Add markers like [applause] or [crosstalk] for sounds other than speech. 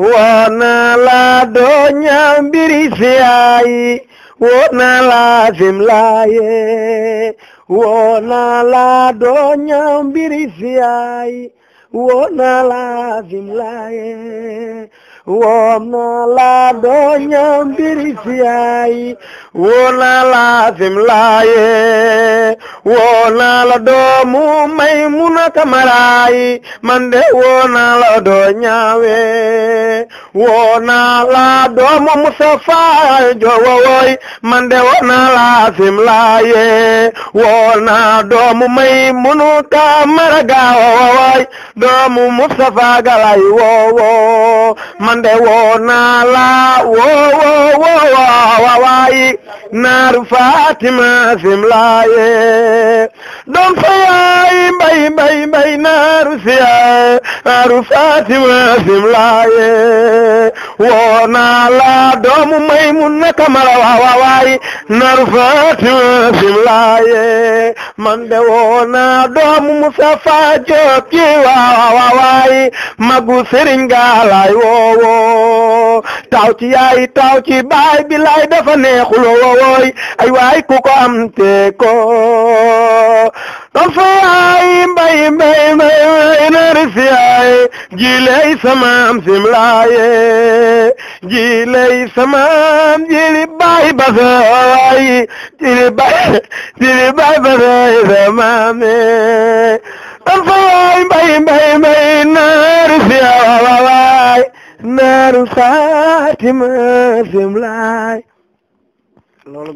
woona la doña mbiri siyayi woona la simlaye woona la doña mbiri siyayi woona la simlaye woom naa laa doo ñëw mbiri siyaay woo laa fim laaye woo naa la doomu may muna kamaraay man de woo naa doo ñaawe woo laa doomu Mustafa jowooy man de woo laa fim laaye woo naa doomu may munu kamara gaawooy doomu Mustafa galay woowoo man de woo naa la woo woo woo waawaayi naaru Fatima simlaaye doom sa yaay mbay mbay naaru si naaru Fatima simlaaye woo naa doomu Maymuna Kamara waawaayi naaru Fatima simlaaye man de woo doomu Mustafa Jóob ci magu sëriñ gaalaay woowo taw ci yaay taw ci baay bi lay dafa ay waay ku ko am te ko ton fa yaay mbay mbay nari si yaay jiley samaam sim laaye jiley samaam jili baay basaay jili baay [laughs] jili baay basaay samaame naaru Fatima Zimlaay loolu